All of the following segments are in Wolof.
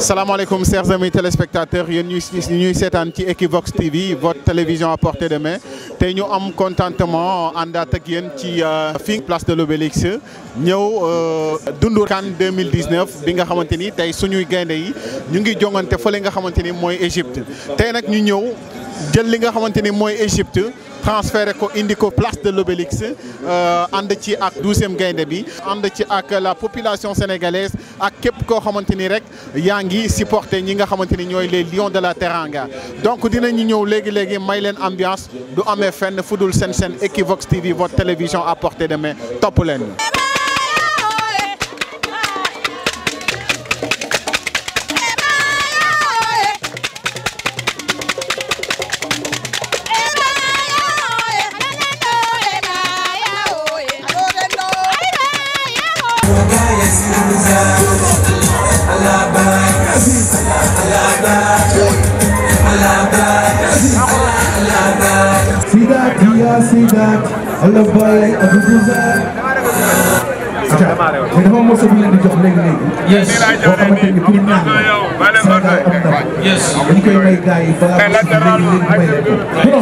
salaamaaleykum chers amis téléspectateurs yéen ñuy ñuy seetaan ci Equivox TV votre télévision à portée de mais tey ñu am contentement àndaat ak yéen ci euh, fi place de l'Obélisque ñëw euh, dundu CAN 2019 bi nga xamante ni tey suñuy gaynde yi ñu ngi jongante fële nga xamante ni mooy Égypte tey nag ñu ñëw jël li nga xamante ni mooy Égypte transféré ko indi ko place de l'Obélix euh, ànd ci ak douzième gaynde bi ànd ci ak la population sénégalaise ak képp koo xamante ni rek yaa ngi supporté ñi nga xamante ni ñooy les lions de la Teranga donc dinañu ñëw léegi léegi may leen ambiance du amee fenn fudul seen seen Equivox TV votre télévision à portée de topp leen. Diak wala Baye ak mais dafa mos a bu leen di jox léegi léegi. yes boo xamante ni pour ñaan la Sénégal am ndam. yes dañ koy may gars yi balaa nga si léegi léegi may leen ko. non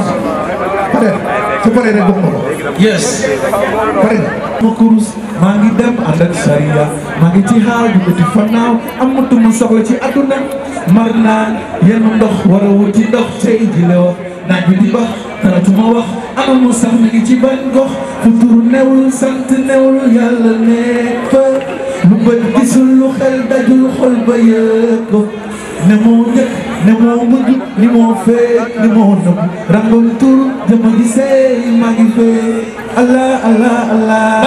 pare su paree rek bokk na yes pare ma kurus maa ngi dem ànd ak sariya maa ngi ci xaal di uti fannaaw amatuma soxla ci àdduna mar naan yenn ndox war a wuti ndox tey ji la wax naaj bi di wax taratuma wax amal mu sax mi ngi gox fu turu newul sant newul yàlla nekk fa lu bët gisul lu xel dajul xol ba yëg ko ne moo njëkk ne moo mujj ni moo feek ni moo nëb rangol tur jëma gi seey maa ngi feek allah allah allah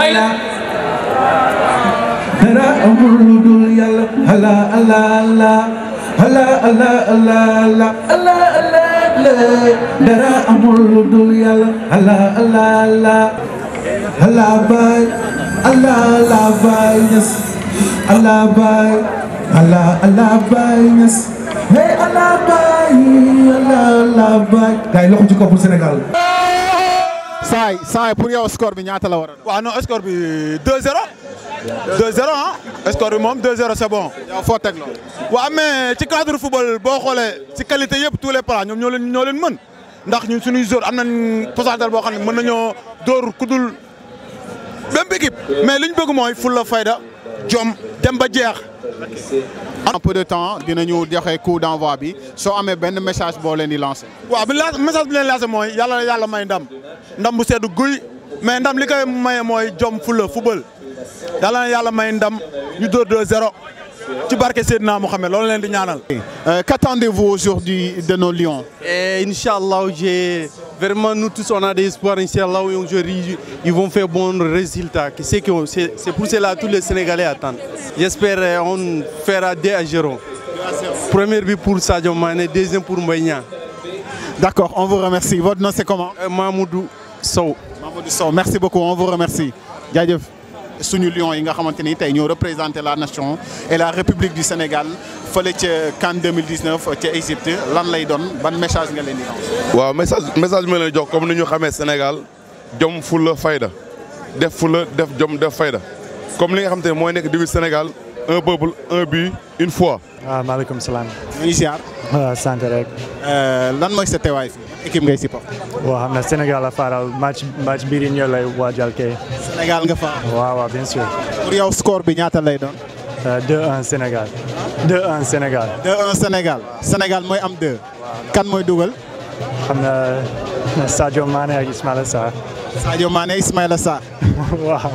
allah allah la dara amul lu dul yàlla allah allah allah allah baay allah allah baay ñas allah baay allah allah baay ñas hey allah baay allah allah baay gars yi loxo ci kaw pour Sénégal saay saay pour yow score bi ñaata la war a waaw non score bi 2-0 2-0 ah score bi moom 2-0 c'est bon. foo teg loolu. waaw mais ci cadre football boo xoolee ci qualité yëpp tout les plans ñoom ñoo ñoo leen mën ndax ñun suñuy joueurs am nañ pourcentage boo xam ne mën nañoo dóor ku dul même équipe. mais li ñu bëgg mooy fulla fayda jom dem ba jeex. en peu de temps dinañu joxe coup d'envoi bi soo amee benn message boo leen di lancé. waaw bi message bi leen lancé mooy yàlla yàlla may ndam ndam bu sedd guy mais ndam li koy maye mooy jom fulla football. yàlla na yàlla may ndam ñu dóor 2-0 ci barke Seydina Mohamed loolu leen di ñaanal. Euh, qu'attendez-vous aujourd'hui de nos Lions. Inch'Allah j'ai vraiment nous tous on a des espoirs Inch'Allah aujourd'hui ils vont faire bon résultat que c'est pour cela tous les Sénégalais attendent. j'espère euh, on fera 2 à 0. premier but pour Sadio Mané deuxième pour Mbaye Niang. d'accord on vous remercie votre nom c'est comment. Euh, Mamoudou Sow. merci beaucoup on suñu lion yi nga xamante ni tey ñu représenté la nation et la république du Sénégal fële ca CAN 2019 ca Égypte lan lay doon ban message nga leen di waaw message message ma leen jox comme ni ñu xamee Sénégal jom la fayda def fula def jom def fayda comme li nga xam te ne mooy nekk début Sénégal un peuple un but une foi. waaw ah, maaleykum salaam. Ah, euh, lan mooy sa teewaay fii. équipe ngay supporter. waaw xam na Sénégal la faral match match bii di lay waajal kay. Sénégal nga fa. waaw waaw bien sûr. pour yow score bi ñaata lay doon. 2-1 euh, Sénégal. 2-1 Sénégal. Sénégal. mooy am 2. kan mooy dugal. xam na Sadio Mané ak Ismaïla Sarr. Sadio Mané Ismaïla Sarr. waaw.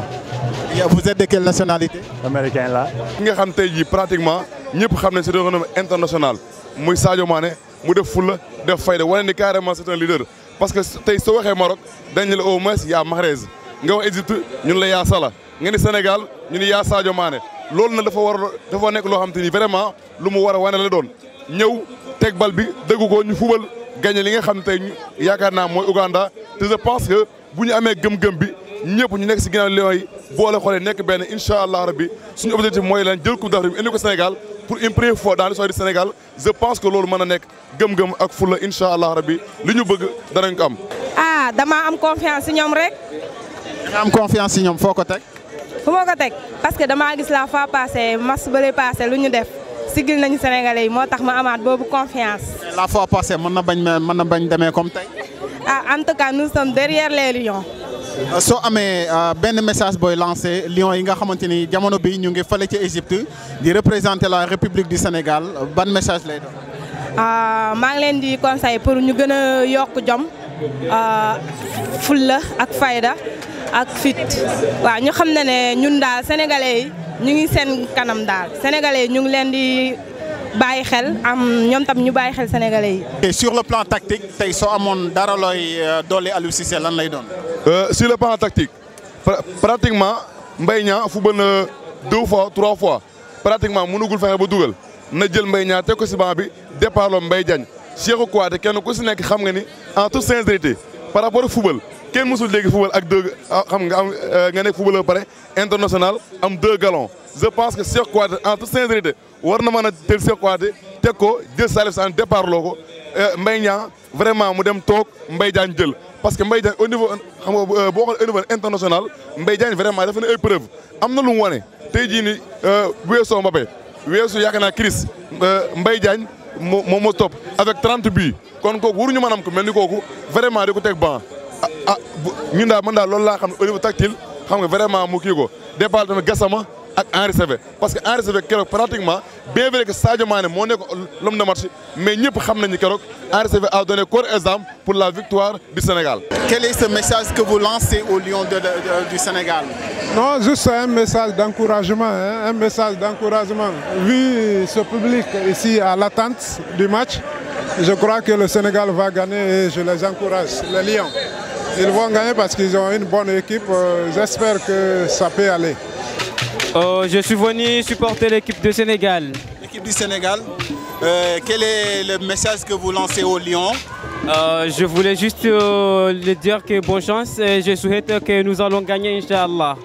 vous êtes de quelle nationalité. américain la. ki nga xam tey jii pratiquement ñëpp xam ne c'est un international. muy Sadio maane mu def fulla def fayda wane ni carrément c'est un leader parce que tey soo waxee Maroc dañ la au moins yaa Mahrez nga wax Égypte ñun la yaa Salah nga ni Sénégal ñu ni yaa Sadio Mané loolu nag dafa war dafa nekk loo xam te ni vraiment lu mu war a wane la doon ñëw teg bal bi dëggu ko ñu fubal gagné li nga xam ne tey yaakaar naa mooy Ouganda te je pense bu ñu amee gëm-gëm bi ñëpp ñu nekk si ginnaaw Lions yi boole xoolee nekk benn incha allah rabbi suñu objectif mooy lan jël coupe d'Afrique ko Sénégal pour une foo fois dans l'histoire du Sénégal je pense que loolu mën a nekk gëm-gëm ak fulla incha allah rabbi li ñu bëgg danañ ko am. ah damaa am confiance si ñoom rek. nga am confiance si ñoom foo ko teg. fu ma ko teg parce que damaa gis la fois passée match bële passé lu ñu def sigil nañu sénégalais yi moo tax ma amaat boobu confiance. la fois passée mën na bañ me mën na bañ demee comme tey. a ah, en tout cas nous sommes derrière Euh, soo amee euh, benn message booy lancé Lions yi nga xamante ni jamono bi ñu ngi fale ci Égypte di représenter la République du Sénégal ban message lay doon. Ah, maa ngi leen di conseil pour ñu gën a yokk jom euh, fulla ak fayda ak fit waa ñu xam ne ne ñun daal sénégalais yi ñu ngi seen kanam daal sénégalais yi ñu ngi leen di. bàyyi xel am ñoom tam ñu bàyyi xel sénégalais yi. et sur le plan tactique tey soo amoon dara looy dolli Aliou Cissé lan lay doon. Euh, si le plan tactique pratiquement mbay Niang football na deux fois trois fois pratiquement mënugul fexe ba dugal na jël mbay ñaa teg ko si banc bi départ lom Mbaye Diagne Cheikhou kenn ku si nekk xam nga ni en toute sincérité par rapport ak football kenn mësul léegi football ak deux ah, xam nga am euh, nga nekk footballeur pare international am deux galons je pense que Cheikhou Kouyaté en toute sincérité war na mën a jël Cheikhou Kouyaté teg ko jël Salif Sané départ loo ko Euh, Mbaye Niang vraiment mu dem toog Mbaye Diagne jël parce que Mbaye Diagne au niveau xam nga euh, boo xoolee a niveau international Mbaye Diagne vraiment dafa ne am na lu mu wane tey jii nii euh, weesoo Mbappé weesu yaakaar naa Chris Mbaye Diagne moo moo moo avec 30 buts kon kooku waruñu maanaam ku mel ni kooku vraiment di ko teg ban a ah, ah ñun daal man daal loolu laa xam ne au niveau tactile xam nga vraiment mu kii ko départ tamit ak Henri parce que Henri Saivet keroog pratiquement bien vrai que Sadio Mané moo nekk l'homme de match mais ñëpp xam nañu keroog Henri Saivet a donné pour la victoire du Sénégal. Quel est message que vous lancez aux Lions de, de, de, du un message d'encouragement, hein, un message d'encouragement. Vu ce public ici à l'attente du match, je crois que le Sénégal va gagner et je les encourage, les Lions. Ils vont gagner parce qu'ils ont une bonne équipe. Euh, j'espère que ça peut aller. Oh, je suis venu supporter l'équipe du Sénégal. L'équipe du Sénégal. Euh, quel est le message que vous lancez aux Lions euh, Je voulais juste euh, leur dire que bonne chance et je souhaite que nous allons gagner, Inch'Allah.